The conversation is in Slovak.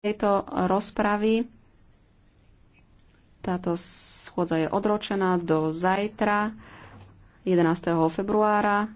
tejto rozpravy. Táto schôdza je odročená do zajtra 11. februára.